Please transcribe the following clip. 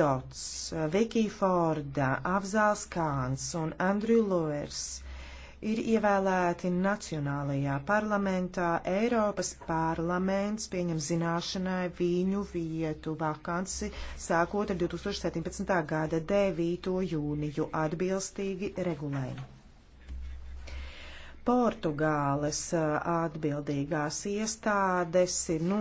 Dots, Vikija Forda, Avzāls Kāns un Andrew Lowers ir ievēlēti Nacionālajā parlamentā. Eiropas parlaments pieņem zināšanai viņu vietu vakansi sākot ar 2017. gada 9. jūniju atbilstīgi regulējumu. Portugāles atbildīgās iestādes ir nos